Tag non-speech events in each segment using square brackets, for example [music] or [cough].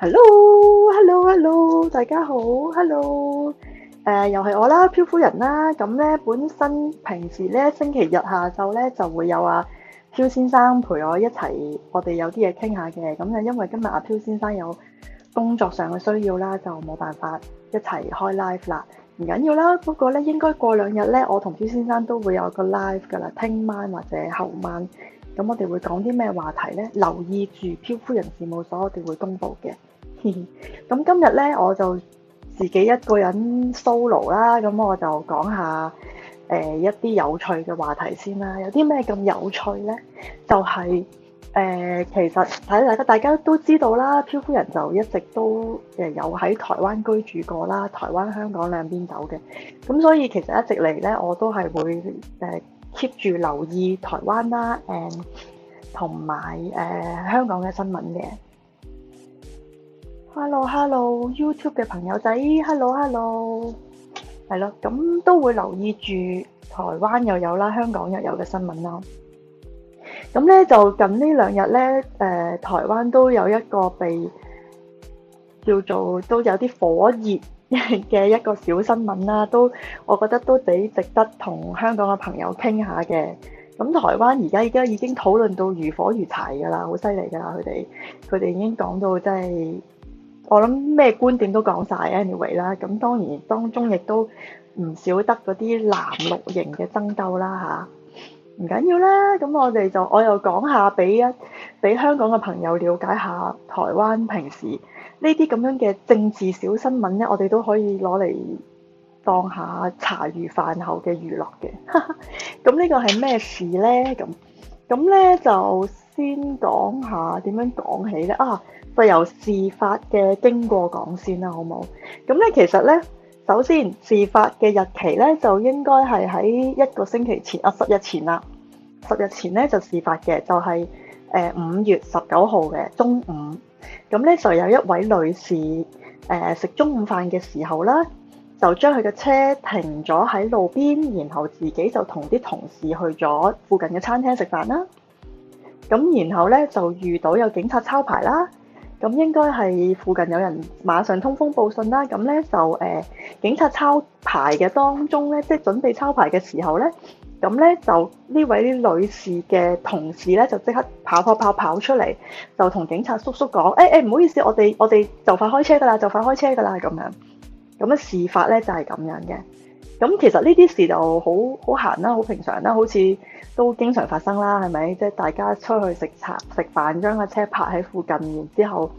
Hello，Hello，Hello，hello, hello. 大家好，Hello，誒、呃，又係我啦，漂夫人啦。咁咧，本身平時呢星期日下晝咧就會有阿、啊、漂先生陪我一齊，我哋有啲嘢傾下嘅。咁啊，因為今日阿漂先生有工作上嘅需要啦，就冇辦法一齊開 live 啦。唔緊要啦，不過咧應該過兩日咧，我同漂先生都會有個 live 噶啦。聽晚或者後晚，咁我哋會講啲咩話題咧？留意住漂夫人事務所，我哋會公布嘅。咁今日咧，我就自己一個人 solo 啦。咁我就講下誒、呃、一啲有趣嘅話題先啦。有啲咩咁有趣呢？就係、是、誒、呃，其實睇大家大家都知道啦，漂夫人就一直都誒有喺台灣居住過啦，台灣香港兩邊走嘅。咁所以其實一直嚟呢，我都係會誒 keep 住留意台灣啦，誒同埋誒香港嘅新聞嘅。Hello，Hello，YouTube 嘅朋友仔，Hello，Hello，係咯，咁都會留意住台灣又有啦，香港又有嘅新聞啦。咁咧就近兩呢兩日咧，誒、呃，台灣都有一個被叫做都有啲火熱嘅一個小新聞啦，都我覺得都幾值得同香港嘅朋友傾下嘅。咁台灣而家而家已經討論到如火如柴噶啦，好犀利噶啦，佢哋佢哋已經講到真係。我諗咩觀點都講晒，anyway 啦。咁當然當中亦都唔少得嗰啲藍綠型嘅爭鬥啦，吓，唔緊要啦。咁我哋就我又講下，俾一俾香港嘅朋友了解下台灣平時呢啲咁樣嘅政治小新聞呢，我哋都可以攞嚟當下茶餘飯後嘅娛樂嘅。哈哈。咁呢個係咩事呢？咁，咁呢就先講下點樣講起呢。啊！就由事發嘅經過講先啦，好唔好？咁咧，其實咧，首先事發嘅日期咧，就應該係喺一個星期前啊，十日前啦，十日前咧就事發嘅，就係誒五月十九號嘅中午。咁咧就有一位女士誒、呃、食中午飯嘅時候啦，就將佢嘅車停咗喺路邊，然後自己就同啲同事去咗附近嘅餐廳食飯啦。咁然後咧就遇到有警察抄牌啦。咁應該係附近有人馬上通風報信啦，咁咧就誒、呃、警察抄牌嘅當中咧，即係準備抄牌嘅時候咧，咁咧就呢位女士嘅同事咧就即刻跑跑跑跑出嚟，就同警察叔叔講：誒誒唔好意思，我哋我哋就快開車噶啦，就快開車噶啦，咁樣，咁樣事發咧就係、是、咁樣嘅。咁其實呢啲事就好好閒啦，好平常啦，好似都經常發生啦，係咪？即係大家出去食茶食飯，將個車泊喺附近，然之後，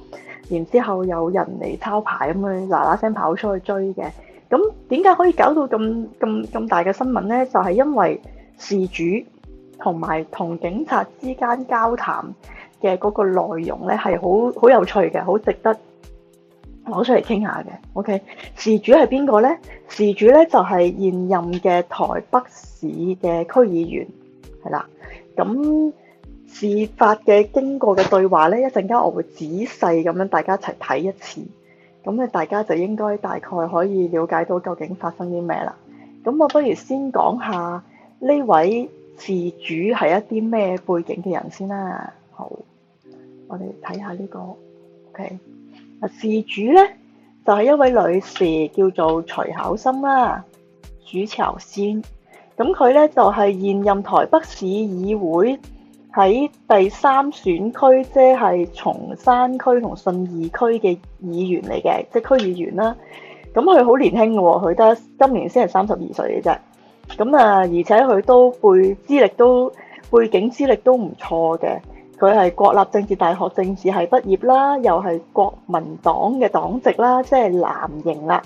然之後有人嚟抄牌咁樣嗱嗱聲跑出去追嘅。咁點解可以搞到咁咁咁大嘅新聞呢？就係因為事主同埋同警察之間交談嘅嗰個內容呢，係好好有趣嘅，好值得。攞出嚟傾下嘅，OK？事主係邊個呢？事主呢就係現任嘅台北市嘅區議員，係啦。咁事發嘅經過嘅對話呢，一陣間我會仔細咁樣大家一齊睇一次。咁咧，大家就應該大概可以了解到究竟發生啲咩啦。咁我不如先講下呢位事主係一啲咩背景嘅人先啦。好，我哋睇下呢個，OK？事主咧就係、是、一位女士，叫做徐巧芯啦、啊，主朝鮮。咁佢咧就係、是、現任台北市議會喺第三選區，即係松山區同信義區嘅議員嚟嘅，即係區議員啦。咁佢好年輕嘅喎，佢得今年先係三十二歲嘅啫。咁啊，而且佢都背資歷都背景資歷都唔錯嘅。佢係國立政治大學政治系畢業啦，又係國民黨嘅黨籍啦，即係藍營啦。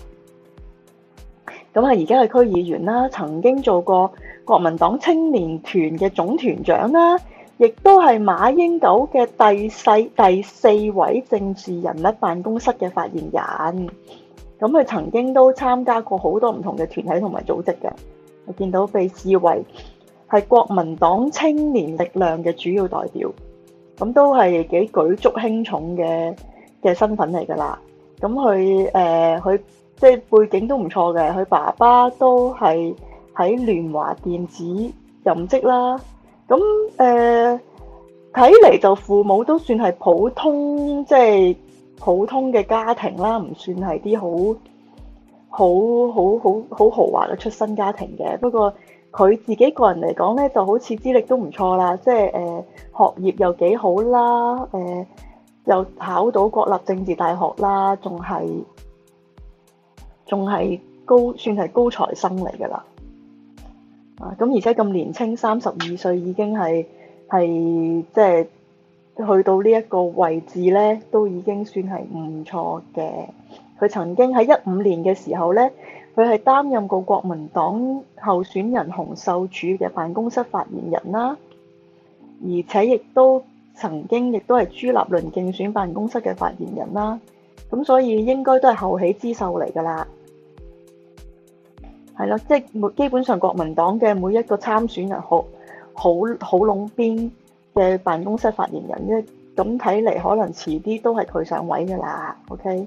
咁啊，而家係區議員啦，曾經做過國民黨青年團嘅總團長啦，亦都係馬英九嘅第四第四位政治人物辦公室嘅發言人。咁佢曾經都參加過好多唔同嘅團體同埋組織嘅，我見到被視為係國民黨青年力量嘅主要代表。咁都係幾舉足輕重嘅嘅身份嚟㗎啦，咁佢誒佢即係背景都唔錯嘅，佢爸爸都係喺聯華電子任職啦，咁誒睇嚟就父母都算係普通，即係普通嘅家庭啦，唔算係啲好好好好好豪華嘅出身家庭嘅，不過。佢自己個人嚟講咧，就好似資歷都唔錯啦，即係誒、呃、學業又幾好啦，誒、呃、又考到國立政治大學啦，仲係仲係高算係高材生嚟㗎啦。啊，咁而且咁年輕，三十二歲已經係係即係去到呢一個位置咧，都已經算係唔錯嘅。佢曾經喺一五年嘅時候咧。佢係擔任過國民黨候選人洪秀柱嘅辦公室發言人啦，而且亦都曾經亦都係朱立倫競選辦公室嘅發言人啦，咁所以應該都係後起之秀嚟㗎啦，係咯，即係基本上國民黨嘅每一個參選人好好好攏邊嘅辦公室發言人咧，咁睇嚟可能遲啲都係佢上位㗎啦，OK？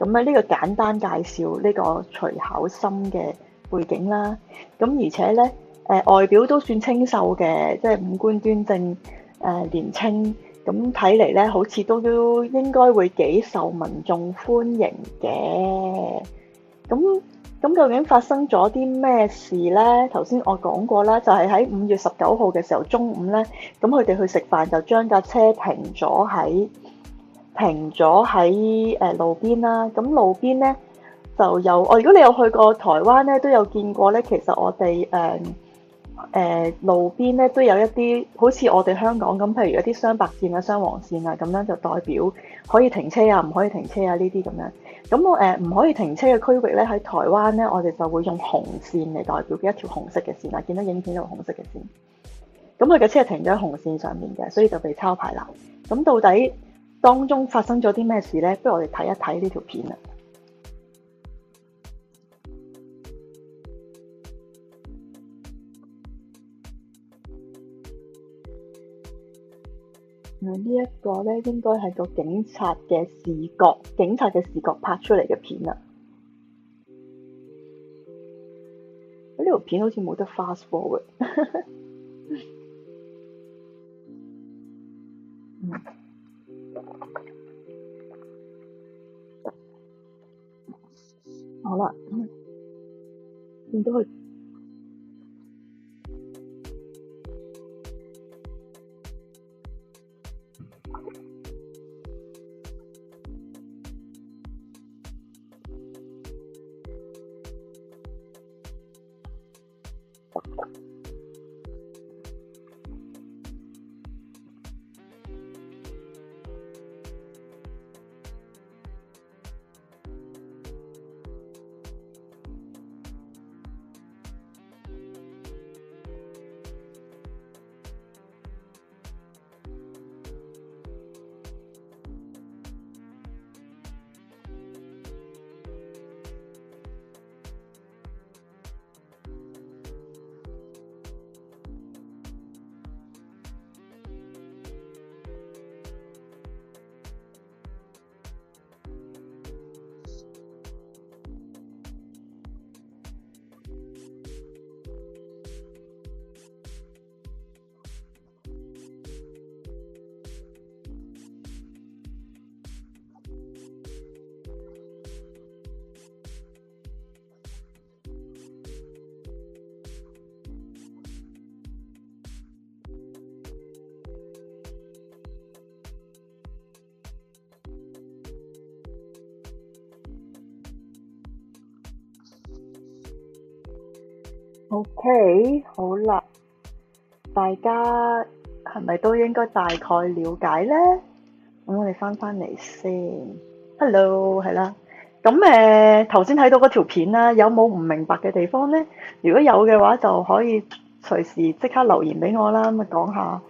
咁咧呢個簡單介紹呢個徐巧芯嘅背景啦，咁而且呢，誒外表都算清秀嘅，即係五官端正，誒、呃、年青。咁睇嚟呢，好似都應該會幾受民眾歡迎嘅。咁咁究竟發生咗啲咩事呢？頭先我講過啦，就係喺五月十九號嘅時候中午呢，咁佢哋去食飯就將架車停咗喺。停咗喺誒路邊啦，咁路邊呢，就有哦。如果你有去過台灣呢，都有見過呢。其實我哋誒誒路邊呢，都有一啲好似我哋香港咁，譬如一啲雙白線啊、雙黃線啊咁樣，就代表可以停車啊，唔可以停車啊呢啲咁樣。咁我誒唔、呃、可以停車嘅區域呢，喺台灣呢，我哋就會用紅線嚟代表嘅一條紅色嘅線啦。見到影片有紅色嘅線，咁佢嘅車停咗喺紅線上面嘅，所以就被抄牌啦。咁到底？當中發生咗啲咩事咧？不如我哋睇一睇呢條片啊。呢、這、一個咧，應該係個警察嘅視覺，警察嘅視覺拍出嚟嘅片啊。呢、這、條、個、片好似冇得 fast forward、 [laughs] 嗯。好啦，咁你等會。OK，好啦，大家係咪都應該大概了解呢？咁我哋翻翻嚟先，Hello，係啦。咁誒，頭先睇到嗰條片啦，有冇唔明白嘅地方呢？如果有嘅話，就可以隨時即刻留言俾我啦。咁啊，講下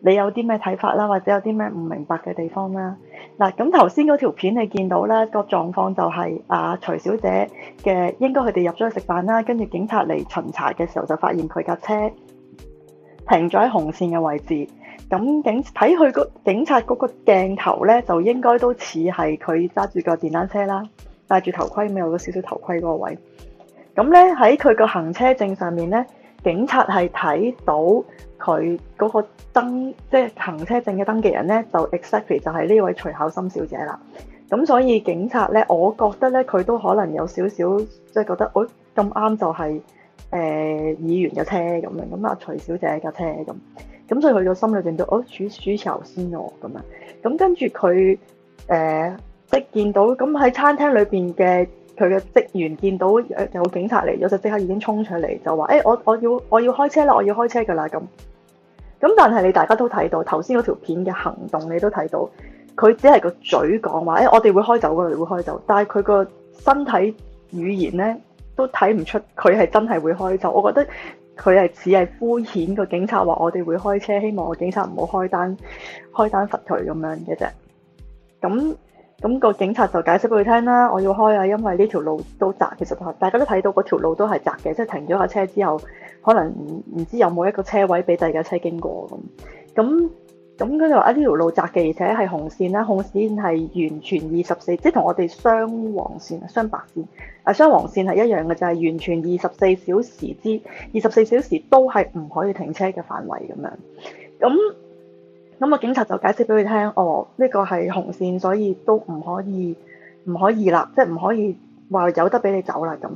你有啲咩睇法啦，或者有啲咩唔明白嘅地方啦。嗱，咁頭先嗰條片你見到咧、個狀況就係阿、啊、徐小姐嘅應該佢哋入咗去食飯啦，跟住警察嚟巡查嘅時候就發現佢架車停咗喺紅線嘅位置。咁警睇佢個警察嗰個鏡頭咧，就應該都似係佢揸住個電單車啦，戴住頭盔，有咗少少頭盔嗰個位。咁咧喺佢個行車證上面咧，警察係睇到。佢嗰個登即係行車證嘅登記人咧，就 exactly 就係呢位徐巧芯小姐啦。咁所以警察咧，我覺得咧，佢都可能有少少即係覺得，哦，咁啱就係、是、誒、呃、議員嘅車咁樣，咁、啊、阿徐小姐架車咁，咁所以佢就心裏邊到，哦，輸輸仇先喎咁啊。咁跟住佢誒即係見到咁喺餐廳裏邊嘅佢嘅職員見到有，有警察嚟，咗，就即刻已經衝出嚟就話：，誒、欸、我我要我要開車啦，我要開車㗎啦咁。咁但係你大家都睇到，頭先嗰條片嘅行動你都睇到，佢只係個嘴講話，誒、哎、我哋會開走嘅，我哋會開走，但係佢個身體語言呢，都睇唔出佢係真係會開走，我覺得佢係只係敷衍個警察話我哋會開車，希望我警察唔好開單開單罰佢咁樣嘅啫，咁。咁個警察就解釋俾佢聽啦，我要開啊，因為呢條路都窄，其實大家都睇到嗰條路都係窄嘅，即係停咗下車之後，可能唔知有冇一個車位俾第二架車經過咁。咁咁佢就話啊，呢條路窄嘅，而且係紅線啦，紅線係完全二十四，即係同我哋雙黃線、雙白線、啊雙黃線係一樣嘅，就係完全二十四小時之二十四小時都係唔可以停車嘅範圍咁樣。咁咁個警察就解釋俾佢聽，哦，呢個係紅線，所以都唔可以，唔可以啦，即係唔可以話有得俾你走啦咁。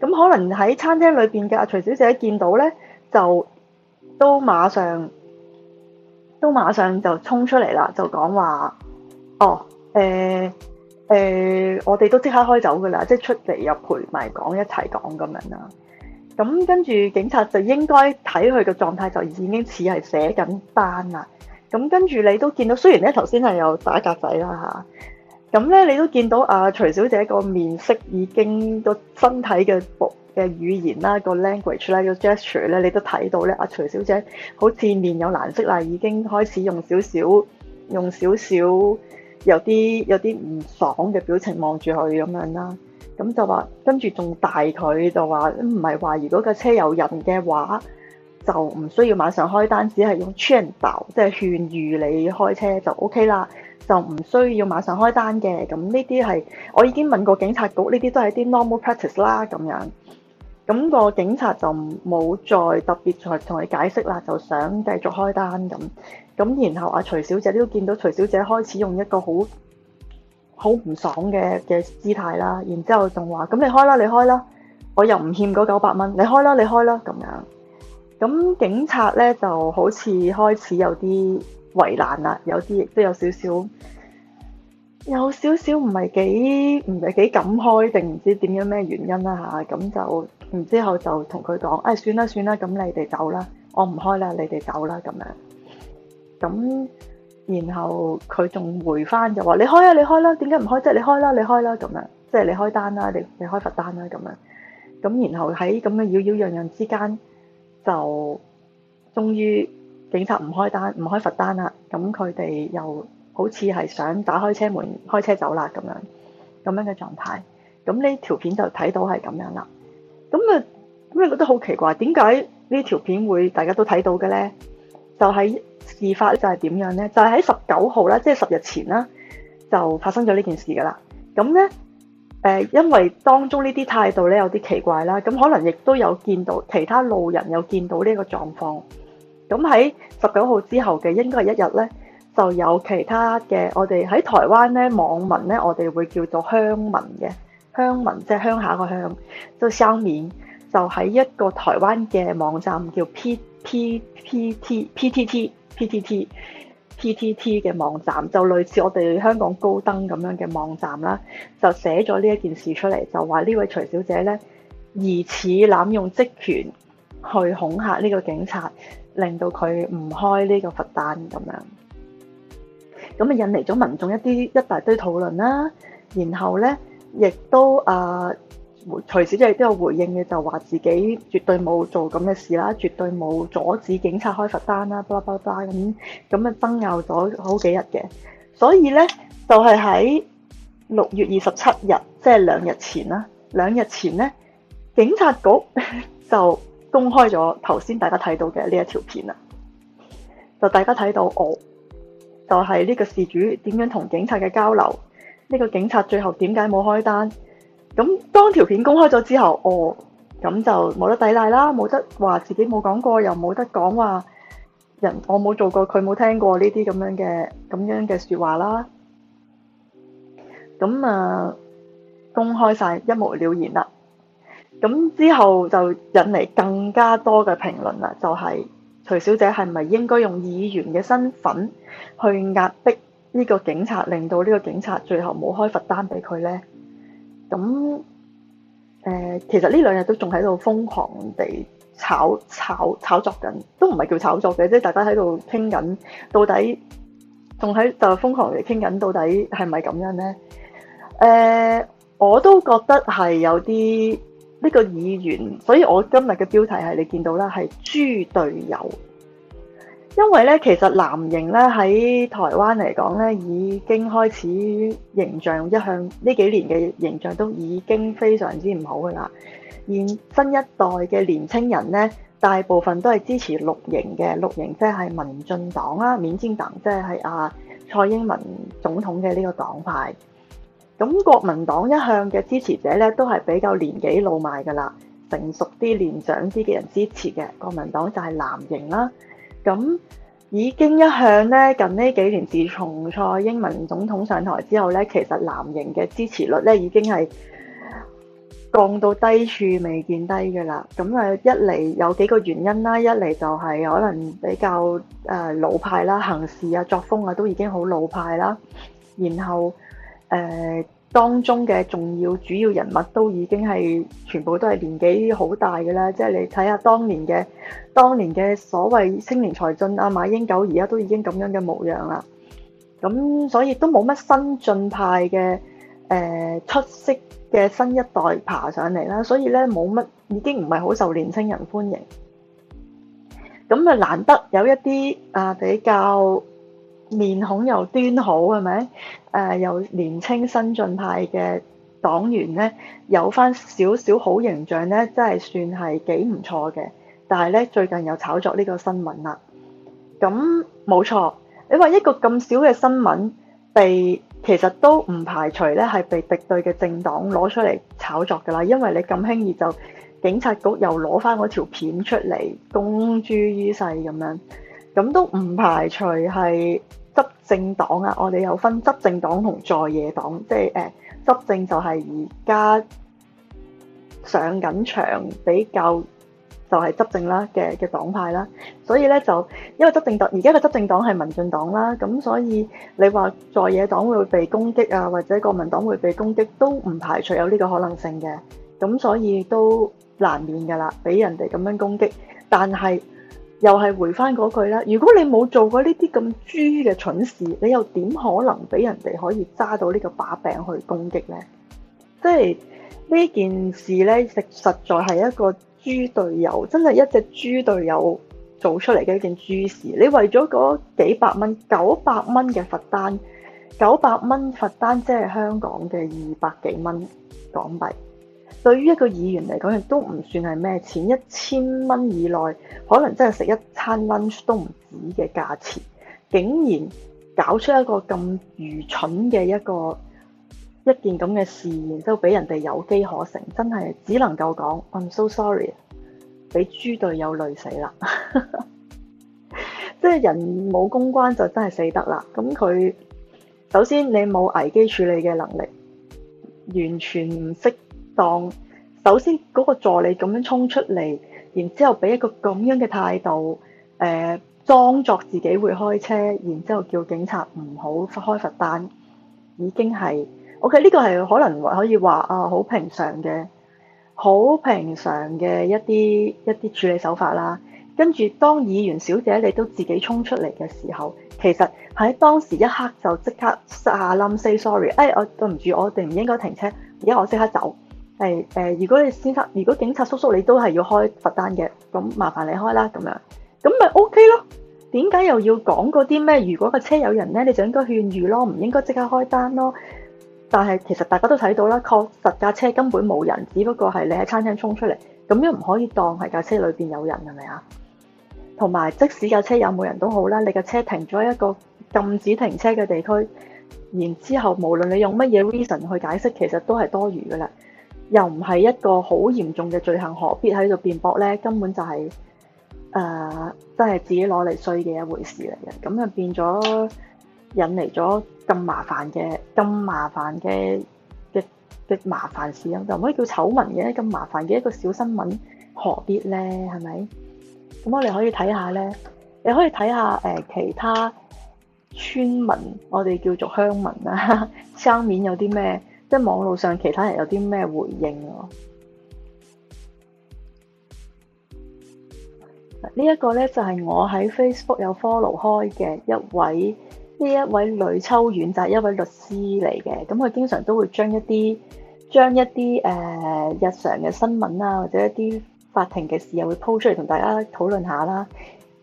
咁可能喺餐廳裏邊嘅阿徐小姐見到咧，就都馬上都馬上就衝出嚟啦，就講話，哦，誒、呃、誒、呃，我哋都即刻開走㗎啦，即係出嚟又陪埋講一齊講咁樣啦。咁跟住警察就應該睇佢嘅狀態，就已經似係寫緊單啦。咁跟住你都見到，雖然咧頭先係有打格仔啦嚇，咁、啊、咧你都見到阿、啊、徐小姐個面色已經個身體嘅 body 嘅語言啦，個 language 咧，個 gesture 咧，你都睇到咧、啊，阿徐小姐好似面有難色啦，已經開始用少少用少少有啲有啲唔爽嘅表情望住佢咁樣啦，咁、嗯、就話跟住仲大佢就話唔係話如果架車有人嘅話。就唔需要馬上開單，只係用 channel 即係勸喻你開車就 OK 啦，就唔需要馬上開單嘅。咁呢啲係我已經問過警察局，呢啲都係啲 normal practice 啦。咁樣咁、咁個警察就冇再特別再同你解釋啦，就想繼續開單咁。咁然後阿、啊、徐小姐都見到徐小姐開始用一個好好唔爽嘅嘅姿態啦，然之後仲話：咁你開啦，你開啦，我又唔欠嗰九百蚊，你開啦，你開啦咁樣。咁警察咧就好似開始有啲為難啦，有啲亦都有少少，有少少唔係幾唔係幾敢開，定唔知點樣咩原因啦、啊、吓。咁、啊、就，然之後就同佢講，誒、哎，算啦算啦，咁你哋走啦，我唔開啦，你哋走啦咁樣。咁然後佢仲回翻就話，你開啊，你開啦，點解唔開啫？即係、你開啦，你開啦，咁樣，樣，即係你開單啦，你你開罰單啦，咁樣。咁然後喺咁樣擾擾攘攘之間。就終於警察唔開單，唔開罰單啦，咁佢哋又好似係想打開車門開車走啦咁樣咁樣嘅狀態，咁呢條片就睇到係咁樣啦。咁啊咁你覺得好奇怪，點解呢條片會大家都睇到嘅呢？就喺事發就係點樣呢？就喺十九號啦，即係十日前啦，就發生咗呢件事噶啦。咁呢。誒，因為當中呢啲態度咧有啲奇怪啦，咁可能亦都有見到其他路人有見到呢個狀況。咁喺十九號之後嘅應該係一日咧，就有其他嘅我哋喺台灣咧網民咧，我哋會叫做鄉民嘅鄉民，即係鄉下個鄉，即係鄉民，就喺一個台灣嘅網站叫 P T P, P, P T P T T P T T。PTT 嘅網站就類似我哋香港高登咁樣嘅網站啦，就寫咗呢一件事出嚟，就話呢位徐小姐呢疑似濫用職權去恐嚇呢個警察，令到佢唔開呢個罰單咁樣，咁啊引嚟咗民眾一啲一大堆討論啦，然後呢亦都啊。呃回，徐巧芯都有回應嘅，就話自己絕對冇做咁嘅事啦，絕對冇阻止警察開罰單啦，巴拉巴拉咁咁啊，爭拗咗好幾日嘅。所以呢，就係喺六月二十七日，即係兩日前啦，兩日前呢，警察局 [laughs] 就公開咗頭先大家睇到嘅呢一條片啦。就大家睇到我，就係呢個事主點樣同警察嘅交流，呢個警察最後點解冇開單？咁當條片公開咗之後，哦，咁就冇得抵賴啦，冇得話自己冇講過，又冇得講話人我冇做過，佢冇聽過呢啲咁樣嘅咁樣嘅說話啦。咁啊，公開晒一目了然啦。咁之後就引嚟更加多嘅評論啦，就係徐小姐係咪應該用議員嘅身份去壓迫呢個警察，令到呢個警察最後冇開罰單俾佢呢？咁誒、呃，其實呢兩日都仲喺度瘋狂地炒炒炒作緊，都唔係叫炒作嘅，即係大家喺度傾緊，到底仲喺就係瘋狂地傾緊，到底係咪咁樣呢？誒、呃，我都覺得係有啲呢、呢個議員，所以我今日嘅標題係你見到啦，係豬隊友。因為咧，其實藍營咧喺台灣嚟講咧，已經開始形象一向呢幾年嘅形象都已經非常之唔好噶啦。而新一代嘅年青人咧，大部分都係支持綠營嘅，綠營即係民進黨啦、免天黨、啊，即係係阿蔡英文總統嘅呢個黨派。咁國民黨一向嘅支持者咧，都係比較年紀老邁噶啦，成熟啲、年長啲嘅人支持嘅。國民黨就係藍營啦。咁已經一向咧，近呢幾年，自從蔡英文總統上台之後咧，其實藍營嘅支持率咧已經係降到低處未見低㗎喇。咁啊，一嚟有幾個原因啦，一嚟就係可能比較誒、呃、老派啦，行事啊、作風啊都已經好老派啦，然後誒。呃當中嘅重要主要人物都已經係全部都係年紀好大嘅啦，即係你睇下當年嘅當年嘅所謂青年才俊啊，馬英九而家都已經咁樣嘅模樣啦，咁所以都冇乜新進派嘅誒、呃、出色嘅新一代爬上嚟啦，所以咧冇乜，已經唔係好受年青人歡迎，咁啊難得有一啲啊比較面孔又端好係咪？誒有、呃、年青新進派嘅黨員咧，有翻少少好形象咧，真係算係幾唔錯嘅。但係咧，最近又炒作呢個新聞啦。咁冇錯，你話一個咁少嘅新聞被其實都唔排除咧，係被敵對嘅政黨攞出嚟炒作噶啦。因為你咁輕易就警察局又攞翻嗰條片出嚟公諸於世咁樣，咁都唔排除係。執政黨啊，我哋有分執政黨同在野黨，即係誒執政就係而家上緊場比較就係執政啦嘅嘅黨派啦，所以呢就因為執政黨而家嘅執政黨係民進黨啦，咁所以你話在野黨會被攻擊啊，或者國民黨會被攻擊，都唔排除有呢個可能性嘅，咁所以都難免噶啦，俾人哋咁樣攻擊，但係。又係回翻嗰句啦，如果你冇做過呢啲咁豬嘅蠢事，你又點可能俾人哋可以揸到呢個把柄去攻擊呢？即係呢件事呢，實實在係一個豬隊友，真係一隻豬隊友做出嚟嘅一件豬事。你為咗嗰幾百蚊，九百蚊嘅罰單，九百蚊罰單即係香港嘅二百幾蚊港幣。對於一個議員嚟講，亦都唔算係咩錢，一千蚊以內，可能真係食一餐 lunch 都唔止嘅價錢，竟然搞出一個咁愚蠢嘅一個一件咁嘅事，然之後俾人哋有機可乘，真係只能夠講 I'm so sorry，俾豬隊友累死啦！ [laughs] 即係人冇公關就真係死得啦。咁佢首先你冇危機處理嘅能力，完全唔識。當首先嗰個助理咁樣衝出嚟，然之後俾一個咁樣嘅態度，誒、呃、裝作自己會開車，然之後叫警察唔好開罰單，已經係，ok 呢個係可能可以話啊好平常嘅，好平常嘅一啲一啲處理手法啦。跟住當議員小姐你都自己衝出嚟嘅時候，其實喺當時一刻就即刻下冧 say sorry，哎我對唔住，我哋唔應該停車，而家我即刻走。誒誒，如果你先生，如果警察叔叔你都係要開罰單嘅，咁麻煩你開啦，咁樣咁咪 OK 咯。點解又要講嗰啲咩？如果個車有人咧，你就應該勸喻咯，唔應該即刻開單咯。但係其實大家都睇到啦，確實架車根本冇人，只不過係你喺餐廳衝出嚟，咁樣唔可以當係架車裏邊有人係咪啊？同埋即使架車有冇人都好啦，你架車停咗一個禁止停車嘅地區，然之後無論你用乜嘢 reason 去解釋，其實都係多餘噶啦。又唔係一個好嚴重嘅罪行，何必喺度辯駁咧？根本就係、是、誒，真、呃、係自己攞嚟衰嘅一回事嚟嘅。咁就變咗引嚟咗咁麻煩嘅、咁麻煩嘅嘅嘅麻煩事咁，就唔可以叫醜聞嘅咁麻煩嘅一個小新聞，何必咧？係咪？咁我哋可以睇下咧，你可以睇下誒、呃、其他村民，我哋叫做鄉民啊，上 [laughs] 面有啲咩？即係網路上其他人有啲咩回應？呢一個呢，就係我喺 Facebook 有 follow 開嘅一位呢一位女秋遠，就係一位律師嚟嘅。咁佢經常都會將一啲將一啲誒日常嘅新聞啊，或者一啲法庭嘅事又會 post 出嚟同大家討論下啦。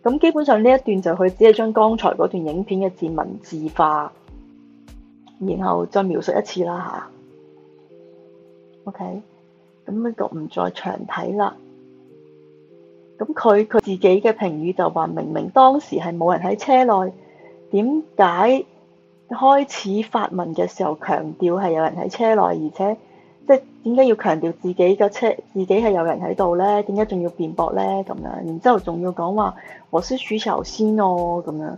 咁基本上呢一段就佢只係將剛才嗰段影片嘅字文字化。然後再描述一次啦吓、啊、，OK，咁呢就唔再長睇啦。咁佢佢自己嘅評語就話，明明當時係冇人喺車內，點解開始發文嘅時候強調係有人喺車內，而且即係點解要強調自己嘅車，自己係有人喺度咧？點解仲要辯駁咧？咁樣，然之後仲要講話我是徐巧芯哦，咁樣，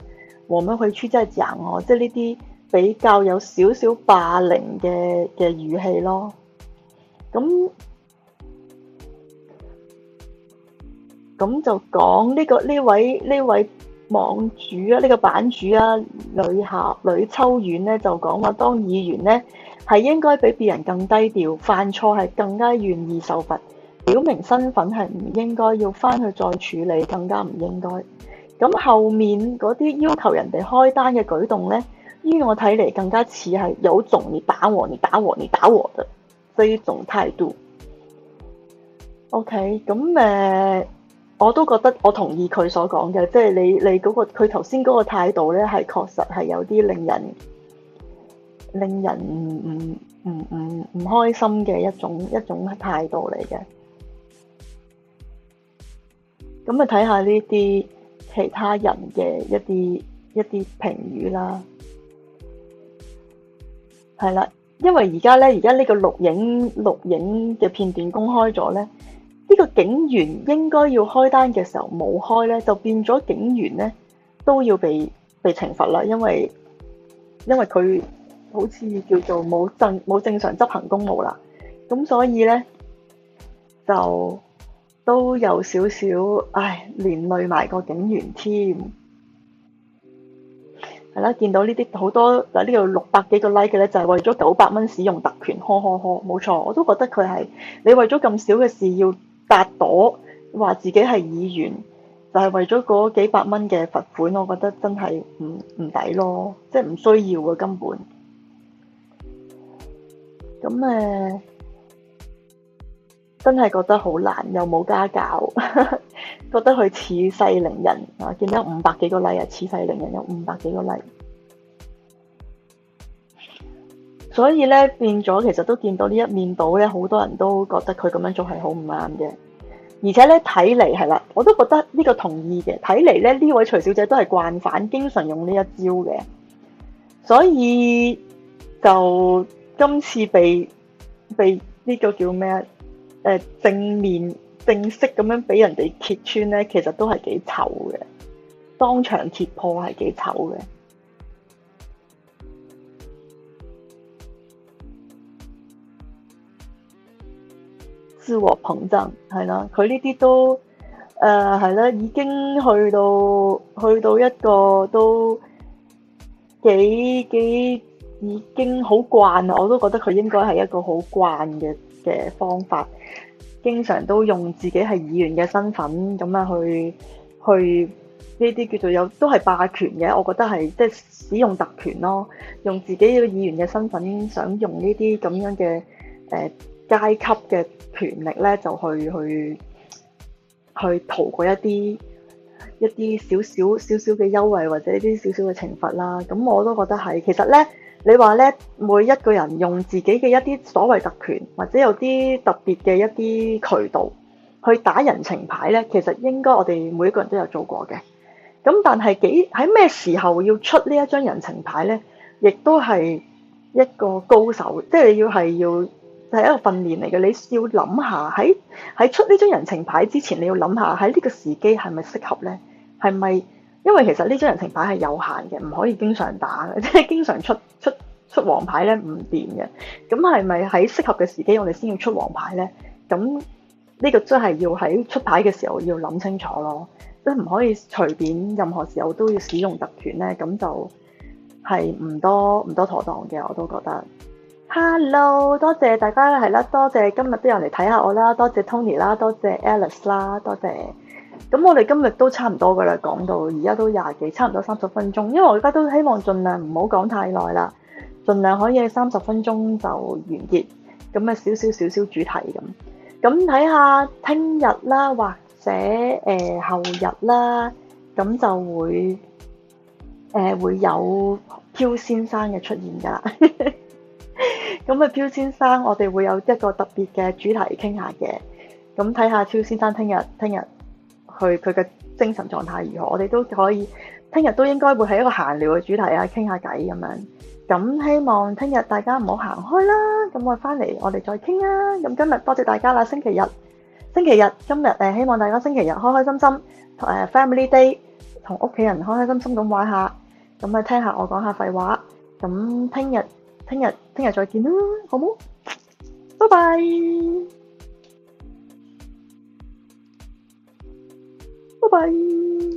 我去們真去再講即係呢啲。比較有少少霸凌嘅嘅語氣咯。咁咁就講呢、呢個呢位呢位網主啊，呢、呢個版主啊，呂夏呂秋遠呢，就講話當議員呢，係應該比別人更低調，犯錯係更加願意受罰，表明身份係唔應該要翻去再處理，更加唔應該。咁後面嗰啲要求人哋開單嘅舉動呢。依我睇嚟，更加似係有種你打我，你打我，你打我嘅呢一種態度。OK，咁誒，我都覺得我同意佢所講嘅，即係你你嗰個佢頭先嗰個態度咧，係確實係有啲令人令人唔唔唔唔唔開心嘅一種一種態度嚟嘅。咁啊，睇下呢啲其他人嘅一啲一啲評語啦。係啦，因為而家咧，而家呢個錄影錄影嘅片段公開咗咧，呢個警員應該要開單嘅時候冇開咧，就變咗警員咧都要被被懲罰啦，因為因為佢好似叫做冇正冇正常執行公務啦，咁所以咧就都有少少唉連累埋個警員添。係啦，見到呢啲好多嗱呢度六百幾個 like 嘅咧，就係、是、為咗九百蚊使用特權，呵呵呵，冇錯，我都覺得佢係你為咗咁少嘅事要撻朵，話自己係議員，就係、是、為咗嗰幾百蚊嘅罰款，我覺得真係唔唔抵咯，即係唔需要嘅根本。咁誒、呃，真係覺得好難，又冇家教。 [laughs] 覺得佢恃勢凌人啊！見到五百幾個 like 啊，恃勢凌人有五百幾個 like，所以咧變咗，其實都見到呢一面倒咧，好多人都覺得佢咁樣做係好唔啱嘅。而且咧睇嚟係啦，我都覺得呢個同意嘅。睇嚟咧呢位徐小姐都係慣犯，經常用呢一招嘅，所以就今次被被呢個叫咩誒、呃、正面。正式咁樣俾人哋揭穿咧，其實都係幾醜嘅。當場揭破係幾醜嘅。自我膨脹，係啦，佢呢啲都，誒係啦，已經去到去到一個都幾幾已經好慣，我都覺得佢應該係一個好慣嘅嘅方法。經常都用自己係議員嘅身份咁樣去去呢啲叫做有，都係霸權嘅，我覺得係即係使用特權咯，用自己嘅議員嘅身份想用呢啲咁樣嘅誒、呃、階級嘅權力咧，就去去去逃過一啲一啲少少少少嘅優惠或者一啲少少嘅懲罰啦。咁我都覺得係，其實咧。你話咧，每一個人用自己嘅一啲所謂特權，或者有啲特別嘅一啲渠道去打人情牌咧，其實應該我哋每一個人都有做過嘅。咁但係幾喺咩時候要出呢一張人情牌咧？亦都係一個高手，即係你要係要就係一個訓練嚟嘅。你要諗下喺喺出呢張人情牌之前，你要諗下喺呢個時機係咪適合咧？係咪？因為其實呢張人情牌係有限嘅，唔可以經常打，即 [laughs] 係經常出出出黃牌咧唔掂嘅。咁係咪喺適合嘅時機，我哋先要出黃牌咧？咁呢個真係要喺出牌嘅時候要諗清楚咯，即係唔可以隨便任何時候都要使用特權咧。咁就係唔多唔多妥當嘅，我都覺得。Hello，多謝大家係啦，多謝今日啲人嚟睇下我啦，多謝 Tony 啦，多謝 Alice 啦，多謝。咁我哋今日都差唔多噶啦，講到而家都廿幾，差唔多三十分鐘。因為我而家都希望儘量唔好講太耐啦，儘量可以三十分鐘就完結。咁啊，少少少少主題咁。咁睇下聽日啦，或者誒、呃、後日啦，咁就會誒、呃、會有漂先生嘅出現噶啦。咁 [laughs] 啊，漂先生，我哋會有一個特別嘅主題傾下嘅。咁睇下漂先生，聽日聽日。佢佢嘅精神狀態如何？我哋都可以，聽日都應該會係一個閒聊嘅主題啊，傾下偈咁樣。咁希望聽日大家唔好行開啦，咁我翻嚟我哋再傾啊。咁今日多謝大家啦，星期日，星期日，今日誒希望大家星期日開開心心，誒 Family Day，同屋企人開開心心咁玩下，咁啊聽下我講下廢話，咁聽日聽日聽日再見啦，好冇？拜拜。拜